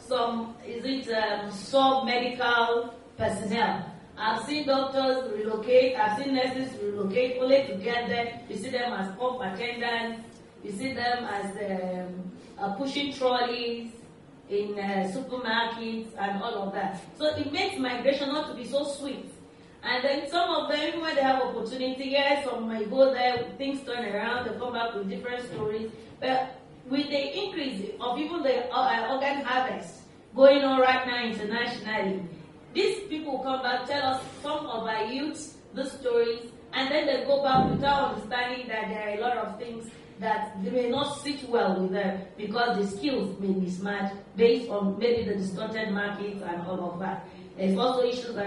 some, is it um, sub medical personnel? I've seen doctors relocate, I've seen nurses relocate only to get there. You see them as pump attendants, you see them as um, uh, pushing trolleys in uh, supermarkets and all of that. So it makes migration not to be so sweet. And then some of them, when they have opportunity, yes, some may go there, things turn around, they come back with different stories. But with the increase People that are uh, uh organ harvest going on right now internationally. These people come back, tell us some of our youths the stories, and then they go back without understanding that there are a lot of things that they may not sit well with them because the skills may mismatch based on maybe the distorted markets and all of that.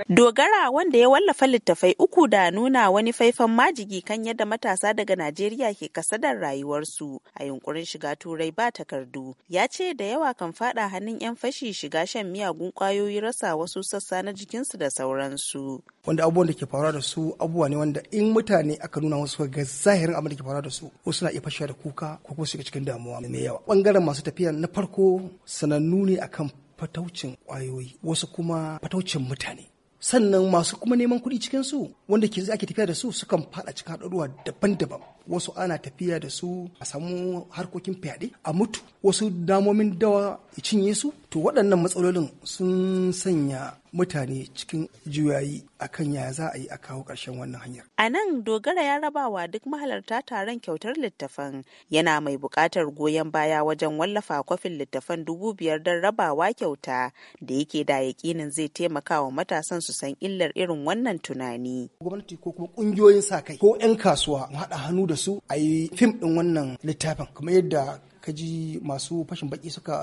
Dogara wanda ya wallafa littafai uku da nuna wani faifan majigi kan yadda matasa daga Najeriya ke kasadar rayuwarsu a yunkurin shiga turai ba takardu ya ce da yawa kan fada hannun 'yan fashi shiga shan miyagun kwayoyi rasa wasu sassa na jikinsu da sauransu. Wanda abubuwan da ke faruwa da su abubuwa ne wanda in mutane aka nuna wasu ga zahirin abin da ke faruwa da su ko suna iya fashewa da kuka ko kuma shiga cikin damuwa mai yawa. Bangaren masu tafiya na farko sanannu ne akan fataucin kwayoyi wasu kuma fataucin mutane sannan masu kuma neman kuɗi cikin su wanda ke ake tafiya da su sukan fada cikin haɗaruwa daban-daban wasu ana tafiya da su a samu harkokin fyaɗe a mutu wasu damomin dawa cinye su to waɗannan matsalolin sun sanya mutane cikin juyayi akan yaya za a yi a kawo ƙarshen wannan hanyar. A nan dogara ya rabawa duk mahalarta taron kyautar littafan yana mai buƙatar goyon baya wajen wallafa kwafin littafan dubu biyar don rabawa kyauta da yake da yaƙinin zai taimaka wa matasan su san illar irin wannan tunani. Gwamnati ko kuma ƙungiyoyin sa kai ko 'yan kasuwa mu haɗa hannu da su a yi fim ɗin wannan littafin kamar yadda ka ji masu fashin baki suka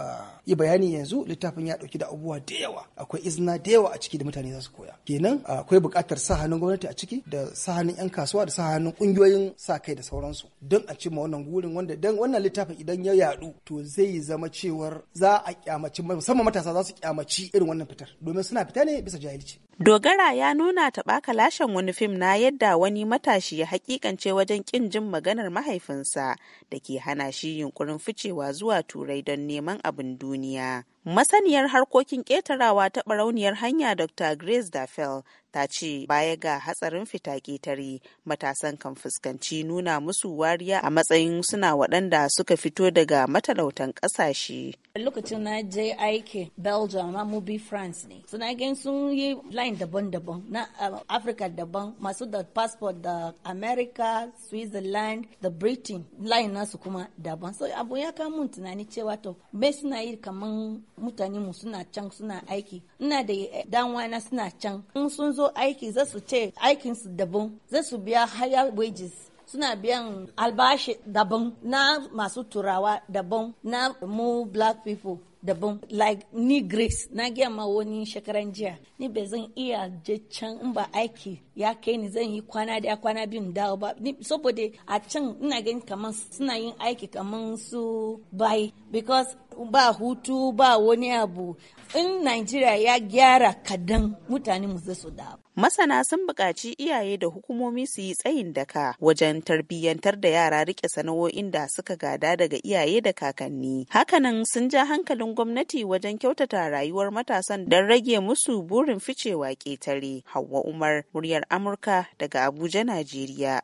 yi bayani yanzu littafin ya dauki da abubuwa da yawa akwai izina da yawa a ciki da mutane za su koya kenan akwai buƙatar sa hannun gwamnati a ciki da sa hannun yan kasuwa da sa hannun ƙungiyoyin sa kai da sauransu don a cimma wannan gurin wanda dan wannan littafin idan ya yadu to zai zama cewar za a kyamaci musamman matasa za su kyamaci irin wannan fitar domin suna fita ne bisa jahilci Dogara ya nuna taɓakalashen wani fim na yadda wani matashi ya hakikance wajen ƙin jin maganar mahaifinsa da ke hana shi yunkurin ficewa zuwa turai don neman abin duniya. Masaniyar harkokin ƙetarawa ta barauniyar hanya Dr. Grace daffel ta ce baya ga hatsarin fita ƙetare matasan kan fuskanci nuna musu wariya a matsayin suna waɗanda suka fito daga matalautan ƙasashe. Lokacin na je aiki Belgium mu bi France ne. Suna gan sun yi line daban-daban na um, Africa daban masu da passport da America, Switzerland, da Britain line nasu kuma daban. So abu ya kamun tunani cewa to me suna yi kaman mutane mu suna can suna aiki ina da danwana suna can in sun zo aiki za su ce aikinsu daban za su biya higher wages suna biyan albashi daban na masu turawa daban na mu black people daban like ni grace na gaya ma wani shekaran jiya ni ba zan iya je can in ba aiki ya kai ni zan yi kwana da kwana biyu dawo ba saboda a can ina gani kamar suna yin aiki kaman su bai because ba hutu ba wani abu in nigeria ya gyara kadan mutane mu so da Masana sun buƙaci iyaye da hukumomi su yi tsayin daka wajen tarbiyyantar da yara rike sana'o'in da suka gada daga iyaye da kakanni. Hakanan sun ja hankalin gwamnati wajen kyautata rayuwar matasan don rage musu burin ficewa ƙetare. Hauwa Umar, muryar Amurka daga Abuja, Najeriya.